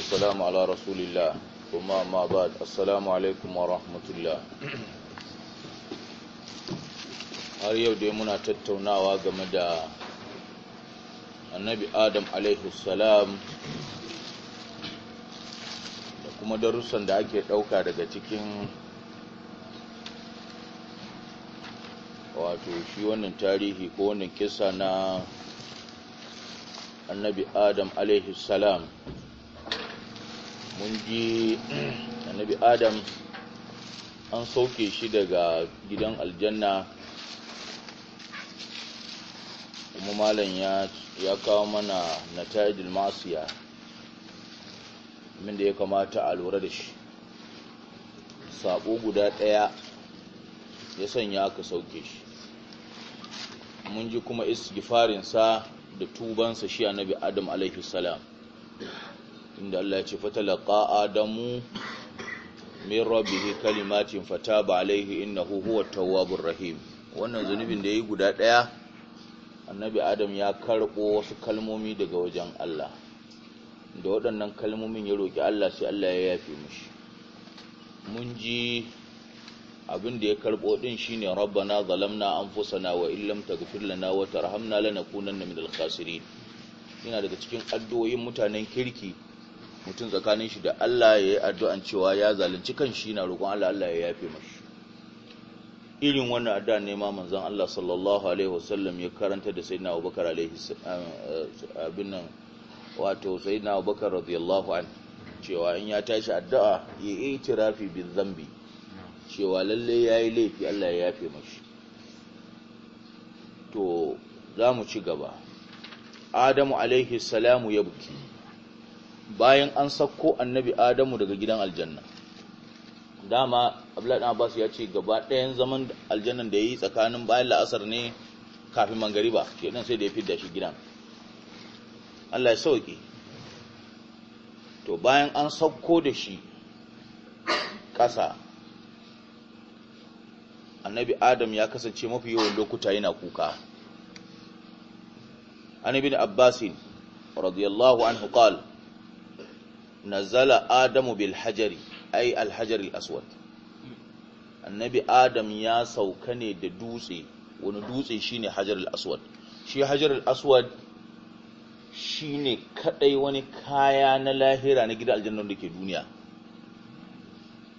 والسلام على رسول الله وما ما بعد السلام alaikum ورحمة الله har yau dai muna tattaunawa game da annabi adam salam da kuma darussan da ake ɗauka daga cikin wato shi wannan tarihi ko wannan kisa na annabi adam salam mun ji annabi adam an sauke shi daga gidan aljanna kuma malam ya kawo mana na masu ya min da ya kamata a lura da shi sabo guda ɗaya ya sanya aka sauke shi mun ji kuma isgifarinsa da tubansa shi annabi adam alaihi salam inda Allah ya ce fatalaqa adamu min rabbihi kalimatin fataba alaihi innahu huwa tawwabur rahim wannan zunubin da yayi guda daya annabi adam ya karbo wasu kalmomi daga wajen Allah da waɗannan kalmomin ya roki Allah sai Allah ya yafe mishi mun ji abin da ya karbo din shine rabbana zalamna anfusana wa illam taghfir lana wa tarhamna lanakunanna minal khasirin yana daga cikin addu'o'in mutanen kirki mutum tsakanin shi da Allah ya yi addu'an cewa ya zalunci kan shi na roƙon Allah Allah ya yafe mashi irin wannan adda nema manzan Allah sallallahu alaihi wasallam ya karanta da sayyidina Abubakar alaihi abin nan wato sayyidina Abubakar radiyallahu an. cewa in ya tashi addu'a ya yi tirafi bin zambi cewa lalle yi laifi Allah ya yafe mashi to za mu ci gaba Adamu alaihi salamu ya buki bayan an sako annabi Adamu daga gidan aljanna dama Abdullahi Abbas ya ce gaba ɗayan zaman aljannan da ya yi tsakanin bayan la'asar ne kafin mangariba kenan sai da ya fidda shi gidan Allah ya sauke to bayan an sauko da shi ƙasa annabi Adam ya kasance mafi yawan lokuta yana kuka annabi Abbasin radiyallahu anhu qala nazala adamu bil hajari ai al al aswad annabi adam ya sauka ne da dutse wani dutse shine hajaril aswad shi hajaril aswad shine kadai wani kaya na lahira na gidan aljanna da ke duniya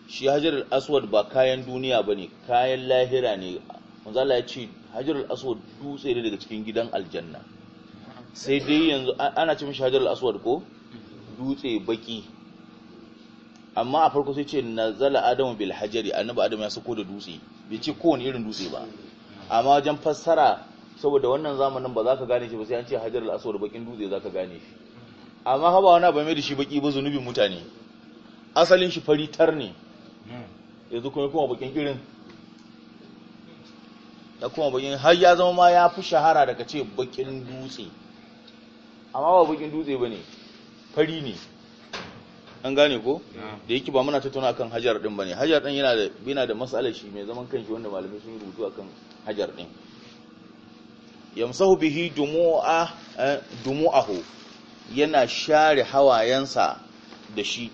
shi hajaril aswad ba kayan duniya bane kayan lahira ne manzo Allah ya ce hajaril aswad dutse ne daga cikin gidan aljanna sai dai yanzu ana ce mishi hajaril aswad ko dutse baki amma a farko sai ce nazala adamu bil hajari annabi adamu ya sako da dutse bai ce kowane irin dutse ba amma wajen fassara saboda wannan zamanin ba za ka gane shi ba sai an ce hajar al bakin dutse za ka gane shi amma haba wani abu mai da shi baki ba zunubin mutane asalin shi fari tar ne yanzu kuma kuma bakin irin da kuma bakin har ya zama ma ya fi shahara daga ce bakin dutse amma ba bakin dutse ba ne fari ne an gane ko da yake ba muna tattauna akan hajar din bane hajar din yana da yana da mas'alar shi mai zaman kanshi wanda malamai sun rubutu akan hajar din yamsahu bihi dumu'a eh, dumu'ahu yana share hawayensa da shi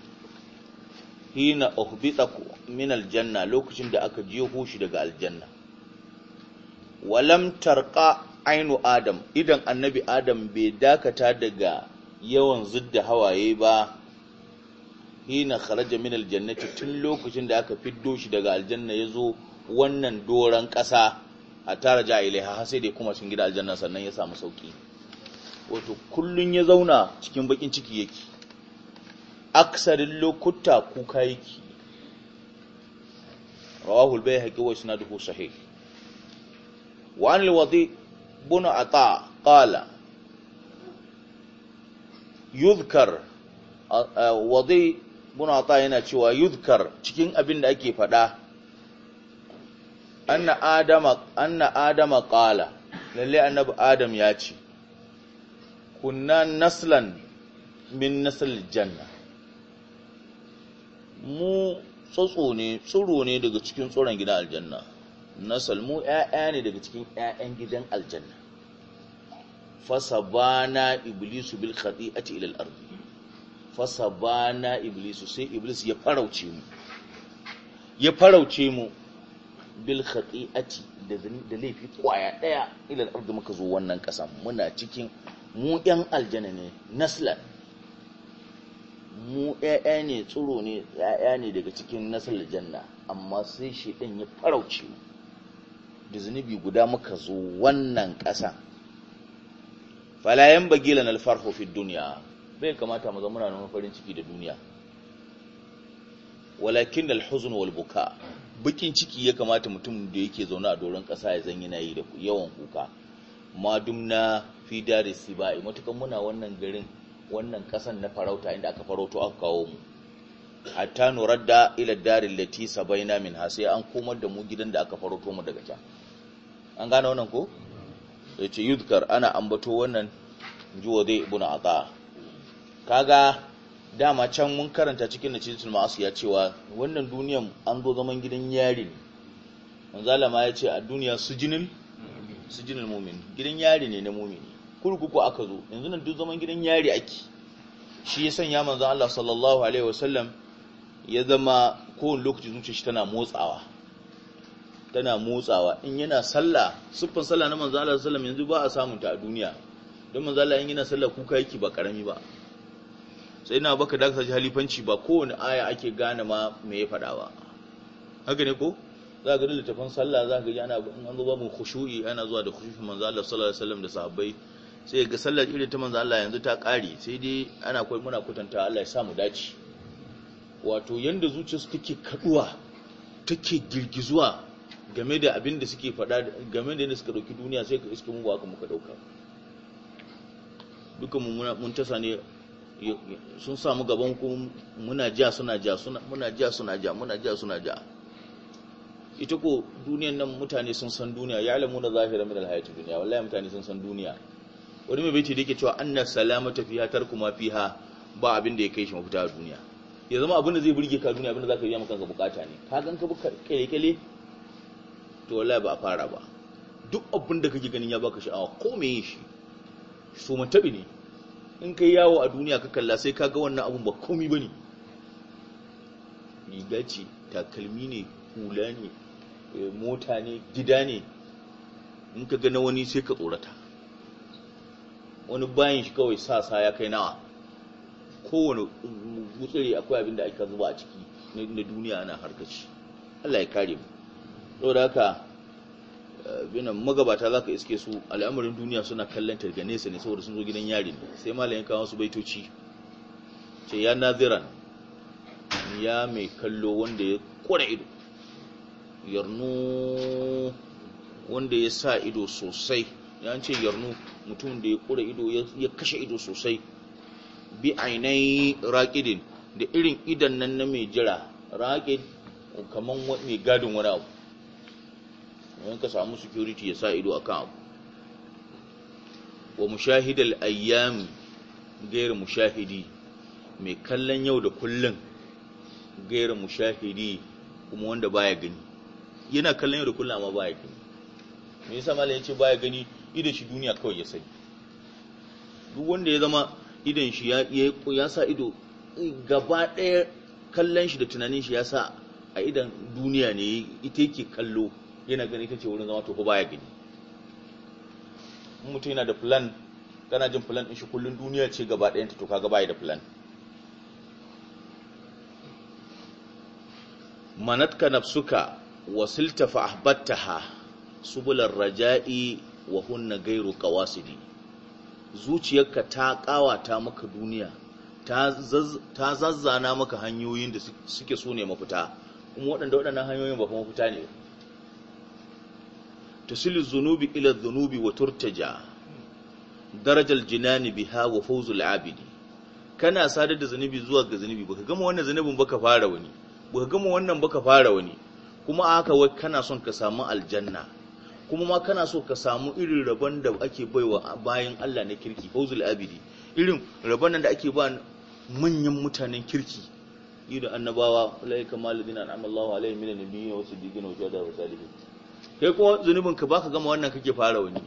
hina uhbita min aljanna lokacin da aka jeho shi daga aljanna walam tarqa ainu adam idan annabi adam bai dakata daga yawan zudda hawaye ba hina kharaja min aljannati tun lokacin da aka fiddo shi daga aljanna yazo wannan doran ƙasa a tara ja ilaiha har sai dai kuma cikin gida aljanna sannan ya samu sauki wato kullun ya zauna cikin bakin ciki yake aksarin lokuta kuka yake rawahu al-bayhaqi wa isnaduhu sahih wa an wadi ata qala yuzkar wadai ta yana cewa yuzkar cikin abin da ake faɗa anna adama anna adama qala lalle annabi adam ya ce kunna naslan min nasl janna mu tsotso ne tsoro ne daga cikin tsoron gidan aljanna nasal mu ƴaƴa ne daga cikin ƴaƴan gidan aljanna fasabana iblisu bil khati'ati ila al-ardi fasabana iblisu sai iblis ya farauce mu ya farauce mu bil khati'ati da da laifi kwaya daya ila al-ardi muka zo wannan kasa muna cikin mu yan aljanna ne naslan mu ƴaƴa ne tsiro ne ƴaƴa ne daga cikin nasla janna amma sai ɗan ya farauce mu da zunubi guda muka zo wannan ƙasan. fala bagila na alfarhu duniya bai kamata mu zama muna farin ciki da duniya walakin alhuzn wal buka bikin ciki ya kamata mutum da yake zaune a doron ƙasa ya zanyi yana yi da yawan kuka madumna fi dare sibai matukan muna wannan garin wannan ƙasan na farauta inda aka farauto aka kawo mu hatta nuradda ila darin lati sabaina min ha an komar da mu gidan da aka farauto mu daga can an gane wannan ko yace yudkar ana ambato wannan juwa zai ibn ata kaga dama can mun karanta cikin cikin masu ya cewa wannan duniyan an zo zaman gidan yari ne manzala ya ce a duniya su jinin mu'min gidan yari ne na mumin kurkuku aka zo yanzu nan duk zaman gidan yari ake shi ya sanya manzan Allah sallallahu alaihi wasallam ya zama kowane lokaci zuciyar shi tana motsawa tana motsawa in yana sallah sufan sallah na manzo Allah sallam yanzu ba a samu ta a duniya don manzo Allah in yana sallah kuka yake ba karami ba sai na baka daga saji halifanci ba kowane aya ake gane ma me ya fada ba haka ne ko za ga littafin sallah za ga in an zo mu khushu'i ana zuwa da khushu'i manzo Allah sallallahu alaihi wasallam da sahabbai sai ga sallar irin ta manzo Allah yanzu ta ƙare sai dai ana koyi muna kutanta Allah ya samu dace wato yanda zuciyarsu take kaduwa take girgizuwa game da abin da suke faɗa game da yadda suka ɗauki duniya sai ka iske mugu aka muka ɗauka duka mun tasa ne sun samu gaban ku muna ja suna ja muna ja suna ja muna ja suna ja ita ko duniyan nan mutane sun san duniya ya alamu na zahira min alhayati duniya wallahi mutane sun san duniya wani mai baiti da yake cewa anna ta fiha tarkuma fiha ba abin da ya kai shi mafita a duniya ya zama abin da zai burge ka duniya abin da zaka yi maka kanka bukata ne ka ganka bukata kele kele to wallahi ba a fara ba duk abin da kake ganin ya baka sha'awa ko me yin shi so matabi ne in kai yawo a duniya ka kalla sai ka ga wannan abun ba komai bane riga ce takalmi ne hula ne eh, mota ne gida ne in ka ga na wani sai ka tsorata wani bayan shi kawai sasa ya kai nawa kowane gutsure akwai abin da aka zuba a ciki na duniya ana harkaci Allah ya kare mu saboda haka eh, binan magabata za ka iske su al'amarin duniya suna kallon targa nesa ne saboda sun zo gidan yari sai malayin kawo su baitoci ce ya naziran ya mai kallo wanda ya kura ido yarnu wanda ya sa ido sosai ya ce yarnu mutum da ya kura ido ya kashe ido sosai bi ainihin raƙidin da irin idan nan na mai jira raƙid kamar mai gadin wani abu wani ka samu security ya sa ido a kan abu wa mushahidal ayyami gairar mushahidi mai kallon yau da kullun gairar mushahidi kuma wanda baya gani yana kallon yau da kullun amma baya gani me yasa ya ce baya gani idan shi duniya kawai ya sani duk wanda ya zama idan shi ya sa ido gaba ɗaya kallon shi da tunanin shi ya sa a idan duniya ne ita yake kallo yana gani ita ce wurin zama to ko baya gani mutum yana da plan kana jin plan din shi kullun duniya ce gaba ɗaya ta to kaga baya da plan manatka nafsuka wasilta fa ahbattaha subular raja'i wa hunna gairu qawasidi zuciyarka ta kawata maka duniya ta zazzana maka hanyoyin da suke so ne mafita kuma waɗanda waɗannan hanyoyin ba kuma mafita ne tasilu zunubi ila zunubi wa turtaja darajal jinani biha wa fawzul abidi kana sadar da zunubi zuwa ga zunubi baka gama wannan zunubin baka fara wani baka gama wannan baka fara wani kuma a haka wai kana son ka samu aljanna kuma ma kana so ka samu irin rabon da ake baiwa bayan Allah na kirki fawzul abidi irin rabon da ake ba manyan mutanen kirki yi da annabawa laika malidina amallahu alaihi minan nabiyyi wa siddiqin wa jada wa salihin kai kuma zunubin ka baka gama wannan kake fara wani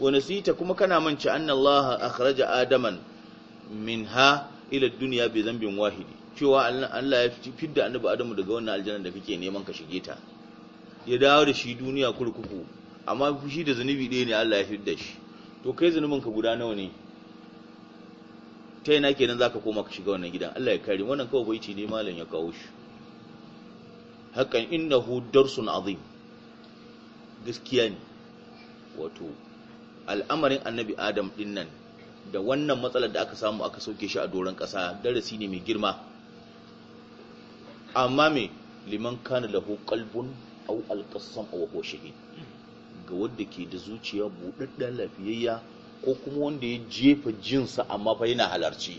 Wani sita kuma kana manci a kharaja adaman min ha ila duniya bai zambin wahidi cewa Allah ya fidda annaba adamu daga wannan aljanar da kake neman ka shige ta ya dawo da shi duniya kurkuku amma fushi da zunubi ɗaya ne Allah ya fidda shi to kai zunubin ka guda nawa ne ta yana kenan ka koma ka shiga wannan gidan Allah ya kare wannan kawai bai ce ne malam ya kawo shi hakan innahu darsun azim gaskiya ne wato al'amarin annabi adam din nan da wannan matsalar da aka samu aka sauke shi a doron ƙasa darasi ne mai girma amma me liman kana lahu qalbun aw alqassam aw huwa shahid ga wanda ke da zuciya budadda lafiyayya ko kuma wanda ya jefa jinsa amma fa yana halarci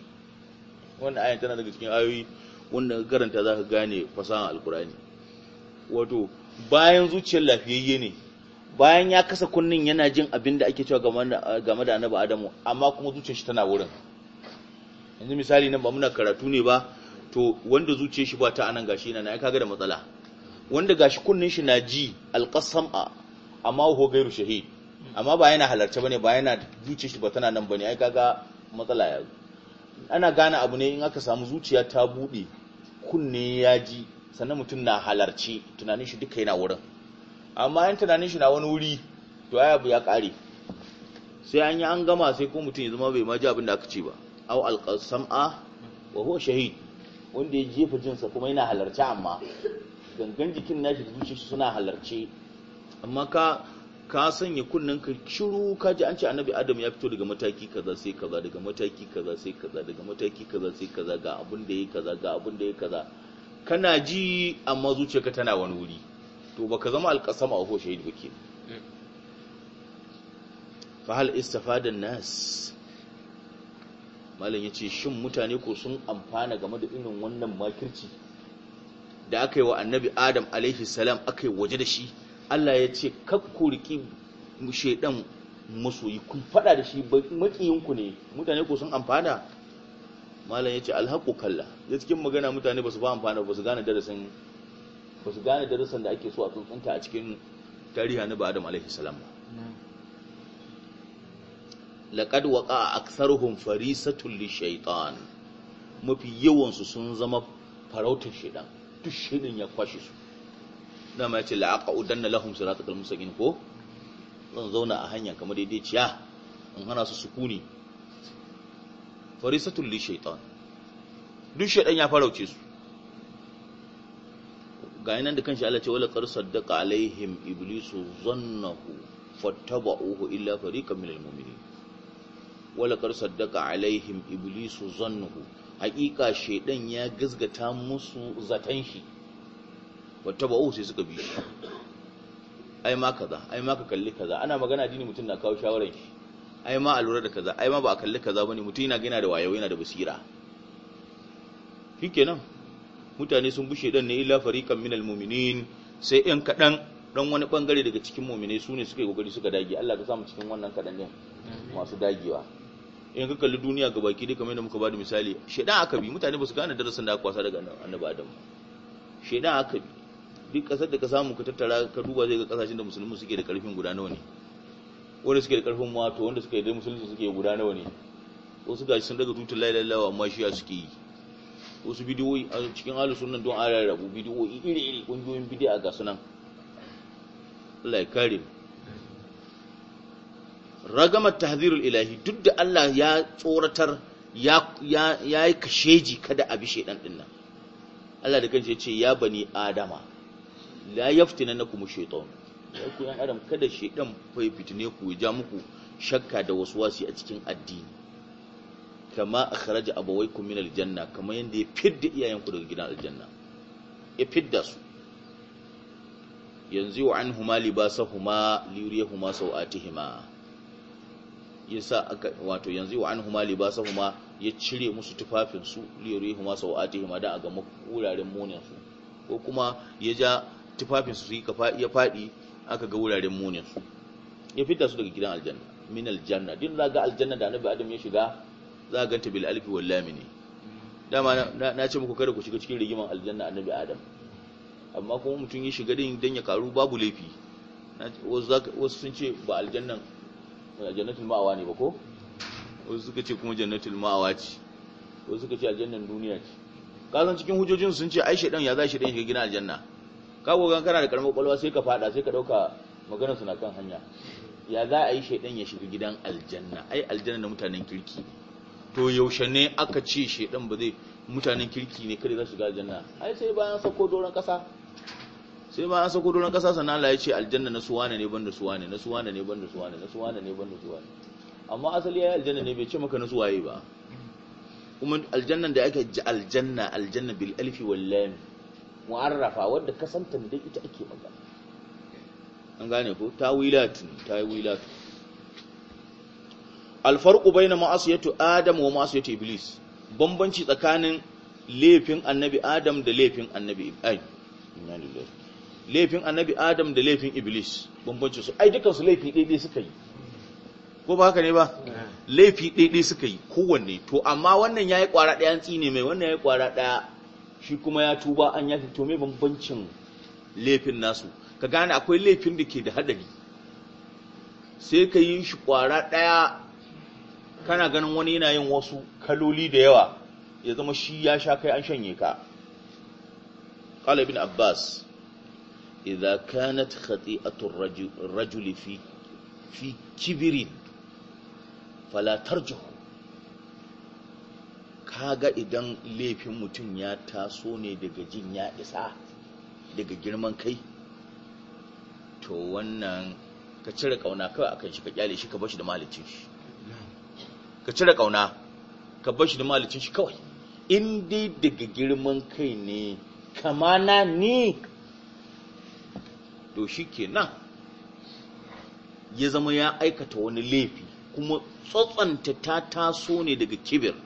wannan ayan tana daga cikin ayoyi wanda karanta zaka gane fasahan alqur'ani wato bayan zuciyar lafiyayye ne bayan ya kasa kunnin yana jin abin da ake cewa game da annabi adamu amma kuma zuciyar shi tana wurin yanzu misali nan ba muna karatu ne ba to wanda zuciyar shi ba ta anan gashi yana ya kaga da matsala wanda gashi kunnin shi na ji a amma ho gairu shahid amma ba yana halarce bane ba yana zuciyar shi ba tana nan bane ai kaga matsala ya ana gane abu ne in aka samu zuciya ta bude kunne ya ji sannan mutum na halarci tunanin shi duka yana wurin amma yan tunanin shi na wani wuri to ya abu ya kare sai an yi an gama sai ko mutum ya zama bai maji abin da aka ce ba au alqasam'a wa huwa shahid wanda ya jefa jinsa kuma yana halarci amma gangan jikin nashi zuciyar shi suna halarci amma ka ka sanya kunnen ka shiru ka ji an ce annabi adam ya fito daga mataki kaza sai kaza daga mataki kaza sai kaza daga mataki kaza sai kaza ga abin da ya kaza ga abin da ya kaza kana ji amma ka tana wani wuri to baka zama alƙasama a hoshe da kake fa hal istafada nas mallan yace shin mutane ko sun amfana game da irin wannan makirci da aka yi wa annabi adam alaihi salam aka yi waje da shi Allah ya ce kakkuriki riki shaidan masoyi kun fada da shi makiyinku ne mutane ko sun amfana malam ya ce, alhaku kalla da cikin magana mutane ba su ba amfana ba su gane darasin ba su gane darasin da ake so a tsuntsunta a cikin tarihi na ba'adam adam alaihi salam ba a waqa aktharuhum li shaitan mafi yawan sun zama farautar shidan duk shidan ya kwashe su ma ce, udan na na yace su lahum musa gini ko zan zauna a hanya kamar daidaiciya ah, in hana su sukuni farisatul li shaitan duk shaitan ya farauce su ga nan da kanshi Allah ce wala qad saddaqa alaihim iblisu zannahu fattaba'uhu illa fariqan minal mu'minin wala qad saddaqa alaihim iblisu zannahu Hakika shaitan ya gazgata musu zatan shi fattaba'uhu sai suka bi shi ai ma kaza ai ma ka kalli kaza ana magana dini mutum na kawo shawaran shi ai ma a lura da kaza ai ma ba a kalli kaza bane mutum yana gina da wayo yana da basira shikenan mutane sun bushe dan ne illa fariqan minal mu'minin sai ɗan kaɗan dan wani bangare daga cikin mu'minai su ne suka yi kokari suka dage Allah ka mu cikin wannan kaɗan ne masu dagewa in ka kalli duniya ga baki dai kamar yadda muka bada misali shedan aka bi mutane ba su gane darasin da aka kwasa daga annabi Adam shedan aka bi duk kasar da ka samu ka tattara ka duba zai ga kasashen da musulmi suke da karfin guda nawa ne wanda suke da karfin ma to wanda suke da musulunci suke guda nawa ne wasu gashi sun daga tutun lailai lawa amma shiya suke yi wasu bidiyoyi a cikin halin sunan don an rabu bidiyoyi iri-iri ƙungiyoyin a ga sunan Allah ya kare ragamar tahzirul ilahi duk da Allah ya tsoratar ya yi kasheji kada a bi ɗan ɗin nan Allah da kan ya ce ya bani adama la kuma shaytan ya ku yan adam kada shedan fai fitine ku ya ja muku shakka da waswasi a cikin addini kama akhraja abawaykum min aljanna kama yanda ya fidda iyayenku daga gidan aljanna ya fidda su yanzu wa anhuma libasahuma liyuriyahuma sawatihima yasa aka wato yanzu wa anhuma libasahuma ya cire musu tufafin su liyuriyahuma sawatihima da aga wuraren munin su ko kuma ya ja tufafin su ya fadi. aka ga wuraren munin su ya fita su daga gidan aljanna min aljanna din za ga aljanna da annabi adam ya shiga za ga ganta bil alfi wal lamini dama na ce muku kada ku shiga cikin rigiman aljanna annabi adam amma kuma mutum ya shiga din dan ya karu babu laifi wasu sun ce ba aljannan jannatul ma'awa ne ba ko wasu suka ce kuma jannatul ma'awa ce wasu suka ce aljannan duniya ce kazan cikin hujojin sun ce ai shedan ya za shi dan shiga gidan aljanna kawo gan kana da karamin kwalwa sai ka fada sai ka dauka maganar suna na kan hanya ya za a yi shaidan ya shiga gidan aljanna ai aljanna da mutanen kirki to yaushe ne aka ce shaidan ba zai mutanen kirki ne kada za su shiga aljanna ai sai bayan sako doron kasa sai bayan sako doron kasa sannan Allah ya ce aljanna na suwane ne banda suwane na suwane ne banda suwane na suwane ne banda suwane amma asali ya yi aljanna ne bai ce maka na suwaye ba kuma aljannan da ake aljanna aljanna bil alfi wal lam mu'arrafa wadda ka santa da ita ake magana an gane ko tawilatu tawilatu alfarqu baina ma'asiyatu adam wa ma'asiyatu iblis bambanci tsakanin laifin annabi adam da laifin annabi iblis laifin annabi adam da laifin iblis bambanci su ai dukan su laifi daidai suka yi ko ba haka ne ba eh. laifi daidai suka yi kowanne to amma wannan yayi kwara daya tsine mai wannan yayi kwara daya shi kuma ya tuba an yafi to me bambancin laifin nasu ka gane akwai laifin da ke da hadari sai ka yi shi kwara ɗaya kana ganin wani yana yin wasu kaloli da yawa ya zama shi ya sha kai an shanye ka qala abbas idza kanat khati'atu rajuli fi fi kibrin fala tarjuhu kaga idan laifin mutum ya taso ne daga jin ya isa daga girman kai to wannan ka cire kauna kawai akan shi ka kyale shi ka bashi da malicin shi ka cire kauna ka bashi da malicin shi kawai in dai daga girman kai ne kama na ni to shi kenan ya zama ya aikata wani laifi kuma tsotsanta ta taso ne daga kibir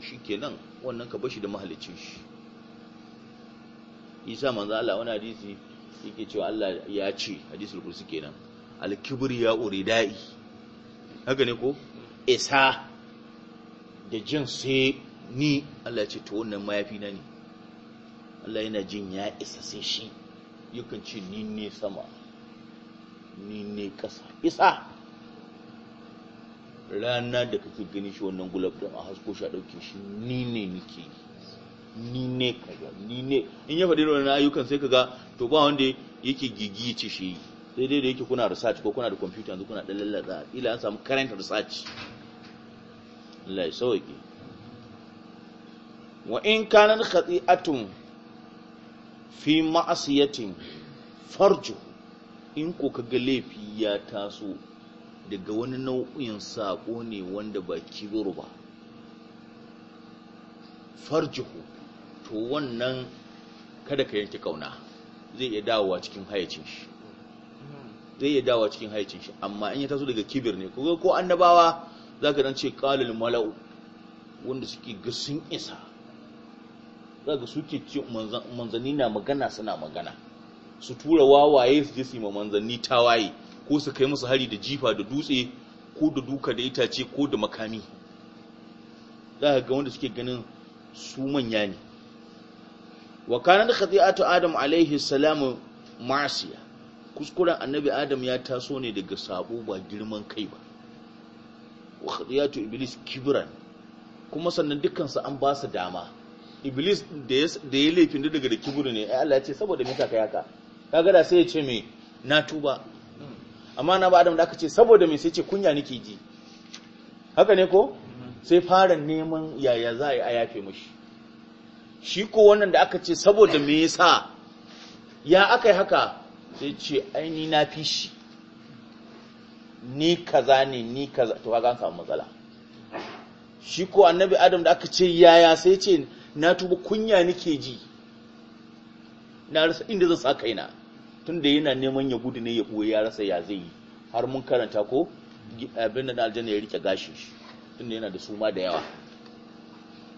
to shikenan wannan ka bashi da mahalicin shi isa manzo Allah wani hadisi yake cewa Allah ya ce hadisul kursi kenan al-kibriya uridai haka ne ko isa da jin sai ni Allah ya ce to wannan mayafi na ne Allah yana jin ya isa sai shi yakan ce ni ne sama ni ne ƙasa isa rana da kake gani shi wannan gulab din a hasko shi a ɗauke shi ni ne nike ni ne kaza ni ne in ya faɗi wannan ayyukan sai kaga to ba wanda yake ce shi sai dai da yake kuna research ko kuna da computer yanzu kuna za lallaza ila an samu current research Allah ya sauke wa in kanan khati'atun fi ma'asiyatin farju in ko kaga laifi ya taso daga wani nau'in saƙo ne wanda ba kibiru ba farjihu to wannan kada ka yanke kauna zai iya dawowa cikin hayacin shi zai iya dawowa cikin hayacin shi amma in ya taso daga kibir ne ko ko annabawa zaka dan ce qalil mala'u wanda suke gasin sun isa zaka suke ce manzanni na magana suna magana su tura wawaye su je su yi manzanni tawaye ko su kai musu hari da jifa da dutse ko da duka da itace ko da makami za ga wanda suke ganin su manya ne wa kanar khati'atu adam alaihi salamu ma'asiya kuskuren annabi adam ya taso ne daga sabo ba girman kai ba wa khati'atu iblis kibran kuma sannan dukkan su an ba su dama iblis da ya laifin daga da kibru ne ai Allah ya ce saboda me kaka yaka kaga da sai ya ce me na tuba amma na ba adam da aka ce saboda me sai ce kunya nake ji haka ne ko sai fara neman yaya za a yafe mashi shi ko wannan da aka ce saboda me yasa ya aka yi haka sai ce aini na fi shi ni kaza ne ni kaza to haka an matsala shi ko annabi adam da aka ce yaya sai ce na tuba kunya nake ji na rasa inda zan sa kaina Tun da yana neman ya gudu ne ya ɓoye ya rasa ya zai yi har mun karanta ko abin da aljanna ya rike gashin shi da yana da suma da yawa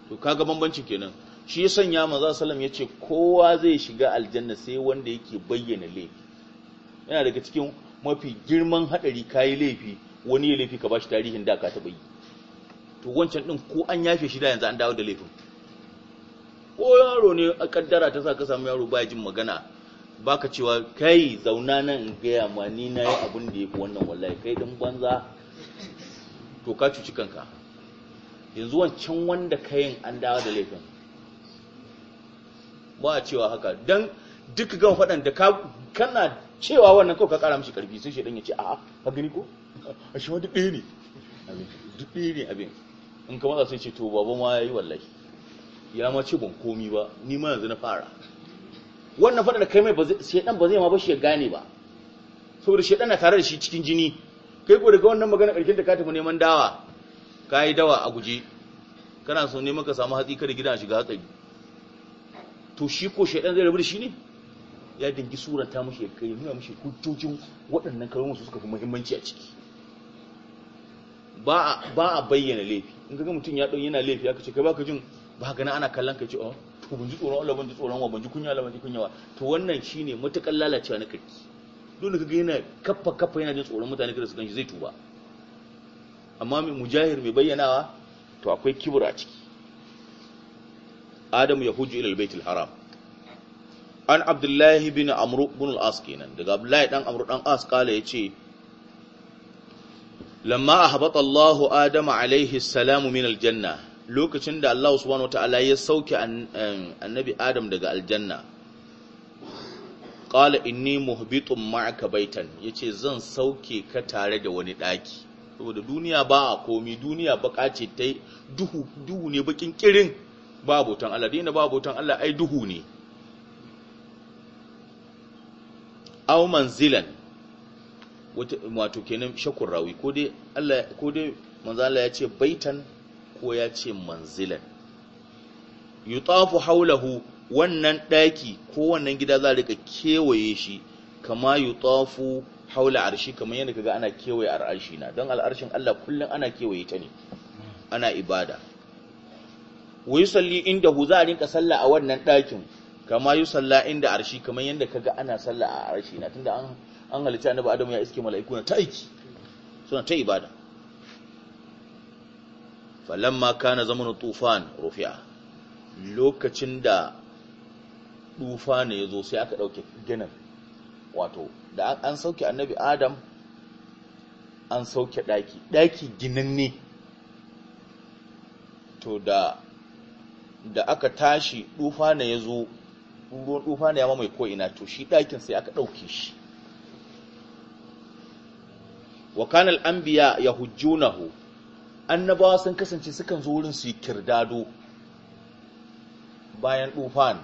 to kaga bambancin kenan shi ya sanya salam ya ce kowa zai shiga aljanna sai wanda yake bayyana laifi yana daga cikin mafi girman hadari kayi laifi wani ya laifi ka bashi tarihin da ka taba yi to wancan din ko an yafe shi da yanzu an dawo da laifin ko yaro ne a kaddara ta sa ka samu yaro baya jin magana baka cewa kai zauna nan in gaya ma ni na yi abin da ya fi wannan wallahi kai ɗin banza to ka cuci kanka yanzu wancan wanda kayan an dawo da laifin ba a cewa haka don duk gan faɗan da kana cewa wannan kawai ka ƙara mishi ƙarfi sun shaidan ya ce a ka gani ko a shi duk ɗaya ne duk ɗaya ne abin in ka matsa sai ce to baban ma ya yi wallahi ya ma ce ban komi ba ni ma yanzu na fara wannan faɗa da kai mai shedan ba zai ma ba shi ya gane ba saboda shedan na tare da shi cikin jini kai ko daga wannan magana ƙarshen da ka tafi neman dawa ka yi dawa a guje kana so neman ka samu hatsi kada gidan shiga hatsari to shi ko shedan zai rabu da shi ne ya dangi surata mashi ya kai nuna mashi hujjojin waɗannan kalmomin su suka fi muhimmanci a ciki ba a bayyana laifi in ga mutum ya ɗan yana laifi aka ce kai baka jin ba ka na ana kallon ka ce oh ban ji tsoron Allah ban ji tsoron wa ban ji kunya Allah ban ji kunya wa to wannan shine matakan lalacewa na kirki dole kaga yana kaffa kaffa yana jin tsoron mutane kada su ganshi zai tuba amma mai mujahir mai bayyanawa to akwai kibir ciki adamu ya hujju ila baitul haram an abdullahi bin amru bin al-as kenan daga abdullahi dan amru dan as kala yace lamma ahbata Allahu adama alaihi salamu min aljanna lokacin da Allah subhanahu wataala ya sauke eh, annabi Adam daga aljanna qala inni muhbitun ma'aka baitan yace zan sauke ka tare da wani daki saboda duniya ba a komi duniya baka ce tai duhu duhu ne bakin kirin ba tan Allah dina ba tan Allah ai duhu ne aw manzilan wato kenan shakur rawi ko dai Allah ko dai ya ce baitan ko ya ce manzilan yutafu haulahu wannan ɗaki ko wannan gida za a rika kewaye shi kama yutafu haula arshi kamar yadda kaga ana kewaye arshi na don al'arshin Allah kullum ana kewaye ta ne ana ibada wa salli inda hu za a rinka sallah a wannan ɗakin kama yi salla inda arshi kamar yadda kaga ana sallah a arshi na tunda an an halitta annabi Adamu ya iske mala'iku na ta aiki suna ta ibada falamma kana zamanu tufan rufiya lokacin da tufa ne ya zo sai aka ɗauke ginin wato da an sauke annabi adam an sauke ɗaki ɗaki ginin ne to da da aka tashi tufa ne ya zo ruwan tufa ne ya mamaye ko'ina to shi ɗakin sai aka ɗauke shi wa kanal anbiya hu. annabawa sun kasance sukan zo wurin su yi kirdado bayan dufan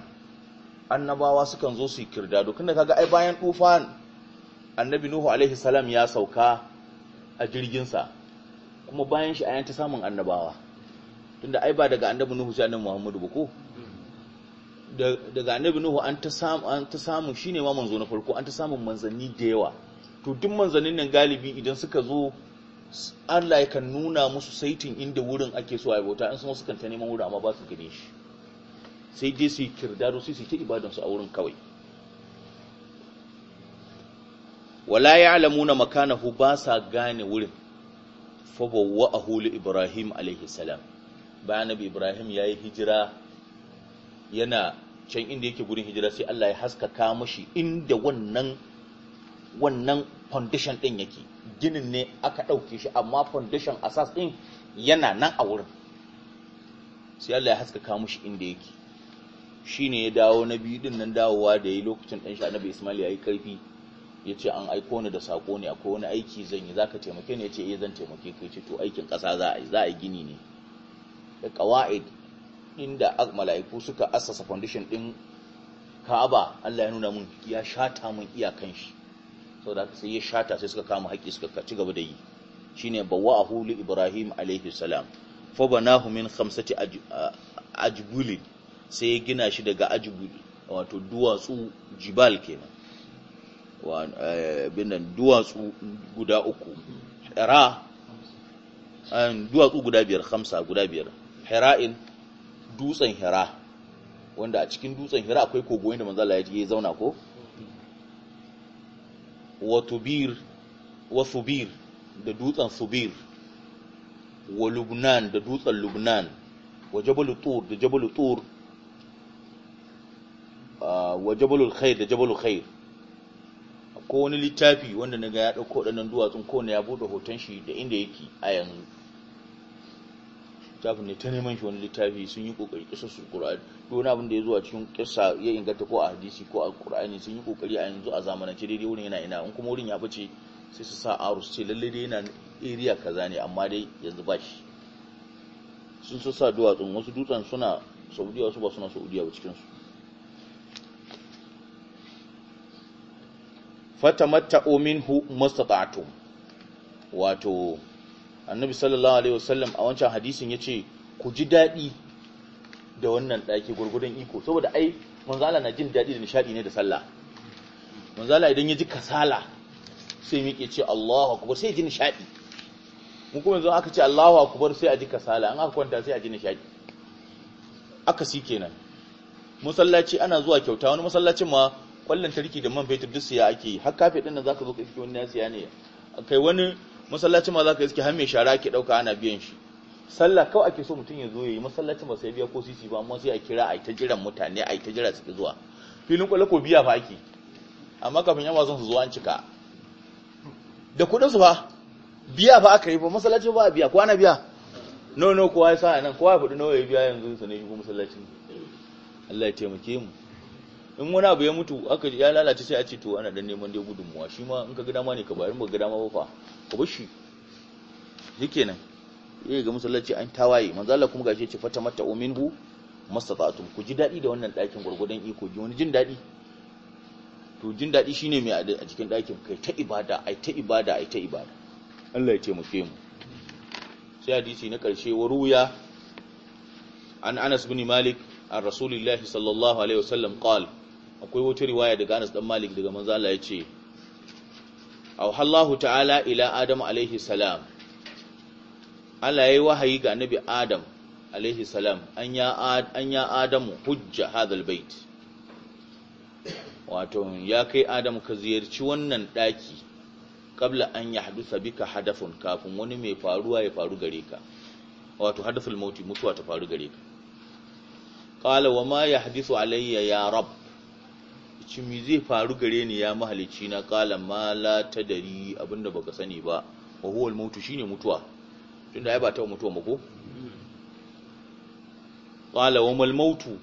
annabawa sukan zo su yi kirdado kunda kaga ai bayan dufan annabi nuhu alaihi salam ya sauka a jirginsa kuma bayan shi ayanta samun annabawa tunda ai ba daga annabi nuhu sai annabi muhammadu ba ko daga annabi nuhu an ta samu an ta samu shine ma manzo na farko an ta samu manzanni da yawa to duk manzannin nan galibi idan suka zo Allah ya kan nuna musu saitin inda wurin ake so a bauta in sun wasu kanta neman wurin amma ba su gane shi sai dai su yi kirdaro sai su yi ta ibadansu a wurin kawai wala ya'lamuna makanahu ba sa gane wurin fabawa a huli ibrahim alaihi salam bayan abu ibrahim ya yi hijira yana can inda yake wurin hijira sai Allah ya haskaka mashi inda wannan wannan foundation din yake ginin ne aka ɗauke shi amma foundation asas ɗin yana nan a wurin sai Allah ya haskaka mushi inda yake Shi ne ya dawo na biyu ɗin nan dawowa da yi lokacin ɗan shi annabi Ismail ya yi karfi ya ce an aiko ni da saƙo ne akwai wani aiki zan yi za ka taimake ni ya ce eh, zan taimake ka ce to aikin ƙasa za a yi gini ne da ƙawa'id inda mala'iku suka assasa foundation ɗin Ka'aba Allah ya nuna mun ya shata mun iyakan shi saboda haka sai ya shata sai suka kama haƙi suka ci gaba da yi shine Bawwa, li ibrahim alaihi salam fa banahu min khamsati ajbulin sai ya gina shi daga ajbul wato duwatsu jibal kenan eh, binan duwatsu guda uku an duwatsu guda biyar hamsa guda biyar hira'in dutsen hira wanda a cikin dutsen hira akwai kogo inda manzala ya je zauna ko wa subir da dutsen subir wa lubnan da dutsen lubnan wa jabal tur da jabal tur wa jabal khair da jabal khair ko wani littafi wanda naga ya dauko nan duwatsun ko ne ya bude hoton shi da inda yake a yanzu littafin ne ta neman shi wani littafi sun yi kokari kisa su qur'ani duk wani abin da ya zuwa cikin kisa ya inganta ko a hadisi ko a qur'ani sun yi kokari a yanzu a zamanance daidai wurin yana ina in kuma wurin ya bace sai su sa arus ce lalle dai yana area kaza ne amma dai yanzu ba shi sun su sa duwatsun wasu dutsen suna saudiya wasu ba suna saudiya ba cikin su fatamatta'u minhu mastata'tum wato annabi sallallahu alaihi wasallam a wancan hadisin yace ku ji daɗi da wannan ɗaki gurgurdan iko saboda ai Allah na jin daɗi da nishadi ne da sallah Allah idan ya ji kasala sai miƙe ce Allahu akbar sai ji nishadi mu kuma yanzu aka ce Allahu akbar sai a ji kasala an aka kwanta sai a ji nishadi aka si kenan masallaci ana zuwa kyauta wani masallacin ma kwallon tarki da man fetur duk siya ake yi har kafe din nan zaka zo ka iske wani ya ne kai wani masallacin ma za ka yi suke mai shara ke ɗauka ana biyan shi sallah kawai ake so mutum ya zo ya yi masallacin ba sai biya ko sisi ba amma sai a kira a ta jiran mutane a ta jira suke zuwa filin kwallo ko biya fa ake amma kafin yan wasan su zo an cika da kuɗin su fa biya fa aka yi ba masallacin ba a biya ko ana biya no no kowa ya sa nan kowa ya faɗi nawa ya biya yanzu su ne shigo masallacin Allah ya taimake mu in wani abu ya mutu aka ya lalace sai a ce to ana dan neman dai gudunmuwa shi ma in ka gida ma ne ka bayar ba ga ma ba fa ka bar shi shikenan yayi ga musallaci an tawaye manzo Allah kuma gashi ce fata mata uminhu mastata'tum ku ji dadi da wannan dakin gurgudan iko ji wani jin dadi to jin dadi shine mai a cikin dakin kai ta ibada ai ta ibada ai ta ibada Allah ya ce mu ce mu sai hadisi na karshe wa ruya an Anas bin Malik an Rasulullah sallallahu alaihi wasallam qala akwai wata riwaya daga Anas dan Malik daga manzo Allah yace Allahu ta'ala ila Adam alaihi salam Allah yayi wahayi ga annabi Adam alaihi salam an ya Adam Adamu hujja hadal bait wato ya kai Adam ka ziyarci wannan daki kabla an yahdusa bika hadafun kafin wani mai faruwa ya faru gare ka wato hadaful mauti mutuwa ta faru gare ka qala wa ma yahdisu alayya ya rabb ci mi zai faru gare ni ya mahalicci na kala ma la dari, abinda baka sani ba wa mutu al-mautu shine mutuwa tunda ya ba ta mutuwa mako kala wa ya mautu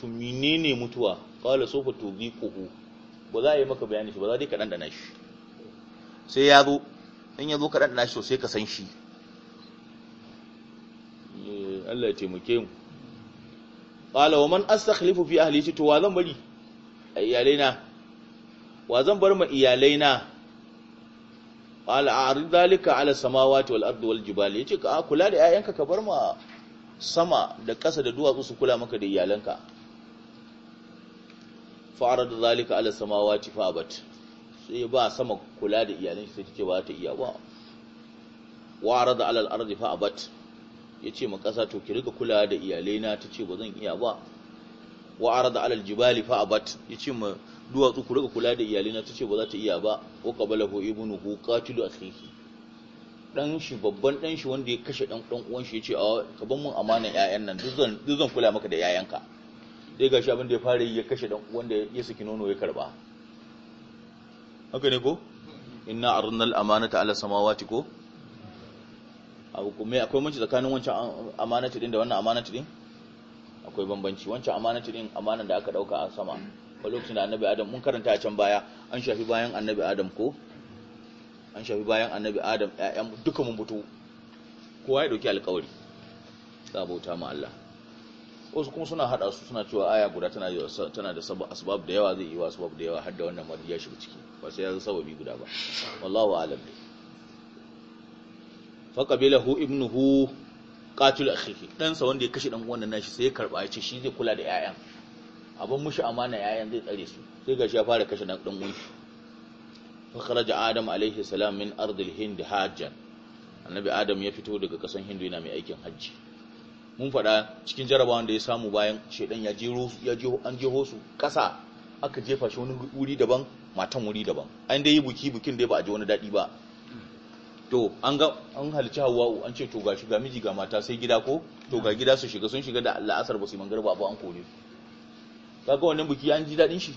tumi ne ne mutuwa kala sofa kuhu ba za a yi maka bayani shi ba za dai da na shi sai ya zo in ya zo da na shi sai ka san shi eh, Allah ya taimake mu kala wa man khalifu fi ahli to wa zan bari iyalaina wa zan bar ma iyalaina qala a'rid dhalika ala samawati wal ardi wal jibali yace ka kula da 'ya'yanka ka bar ma sama da ƙasa da duwatsu su kula maka da iyalanka fa'arad dalika ala samawati Fa'abat, sai ba sama kula da shi sai take ba ta iya ba wa'arad ala al-ardi fabat yace ma ƙasa to ki riga kula da iyalaina tace ba zan iya ba wa arada alal jibali fa abat yace mu duwatsu ku riga kula da iyalina tace ba za ta iya ba wa qabalahu ibnuhu qatilu akhihi dan shi babban dan shi wanda ya kashe dan dan uwan shi yace a ka ban mun amana 'ya'yan nan duk zan kula maka da 'ya'yanka. dai gashi abin da ya fara yi ya kashe dan uwan da ya saki nono ya karba haka ne ko inna arnal amanata ala samawati ko abu kuma akwai mace tsakanin wancan ah, amanati din da wannan amanati din akwai bambanci wancan amanatu din amanan da aka dauka a sama a lokacin da annabi adam mun karanta a can baya an shafi bayan annabi adam ko an shafi bayan annabi adam ƴaƴan duka mun butu. kowa ya dauki alƙawari sabota ma Allah wasu kuma suna hada su suna cewa aya guda tana tana da sabab asbab da yawa zai yi wa sabab da yawa har da wannan madiya shi ciki ba sai ya sababi guda ba wallahu a'lam faqabilahu ibnuhu katul akhihi ɗansa wanda ya kashe dan uwan nashi sai ya karba ya ce shi zai kula da yayan abin mushi amana yayan zai tsare su sai gashi ya fara kashe dan uwan shi fa kharaja adam alayhi salam min ardil hind hajjan annabi adam ya fito daga kasan hindu yana mai aikin hajji mun faɗa cikin jarabawa da ya samu bayan shedan ya jero ya jeho an jeho su ƙasa aka jefa shi wani wuri daban matan wuri daban an dai yi buki bukin dai ba a ji wani daɗi ba to an ga an halci hawa'u an ce to ga miji ga mata sai gida ko to ga gida su shiga sun shiga da la'asar ba su mangar ba an kore kaga wannan buki an ji dadin shi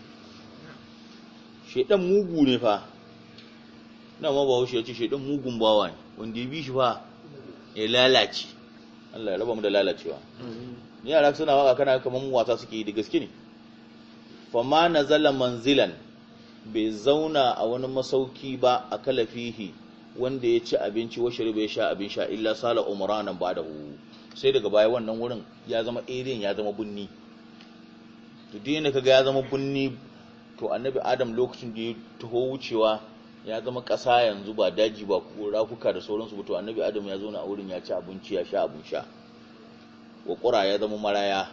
shedan mugu ne fa na ma bawo shi ya ce shedan mugun bawa ne wanda ya bi shi fa ya lalace Allah ya raba mu da lalacewa ni yara suna waka kana kamar mu wasa suke yi da gaske ne fa ma nazala manzilan bai zauna a wani masauki ba a kalafihi wanda ya ci abinci wa shariba ya sha abin sha illa sala umranan ba da hu sai daga baya wannan wurin ya zama irin ya zama bunni to duk da kaga ya zama bunni to annabi adam lokacin da ya taho wucewa ya zama ƙasa yanzu ba daji ba ko rafuka da sauransu ba to annabi adam ya zo na wurin ya ci abinci ya sha abin sha wa ya zama maraya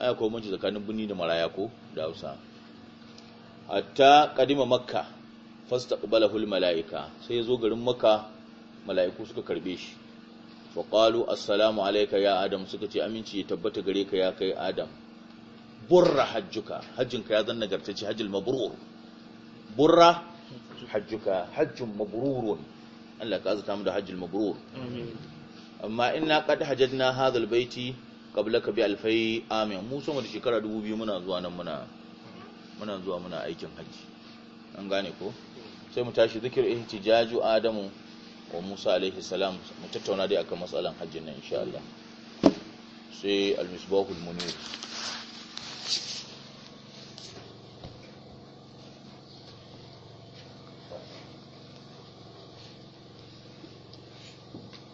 ai ko manci tsakanin bunni da maraya ko da hausa hatta kadima makka fastaqbalahul malaika sai ya zo garin maka mala'iku suka karbe shi fa qalu assalamu alayka ya adam suka ce aminci ya tabbata gare ka ya kai adam burra hajjuka hajjinka ya zanna gartace hajjul mabrur burra hajjuka hajjun mabrurun Allah ka azata mu da hajjul mabrur amin amma inna qad hajjadna hadhal baiti qablaka bi alfai amin mu sama da shekara 2000 muna zuwa nan muna muna zuwa muna aikin haji an gane ko sai mu tashi zikir ihtijaju adamu wa musa alaihi salam mu tattauna dai akan matsalan hajjin nan insha Allah sai al-misbahul munir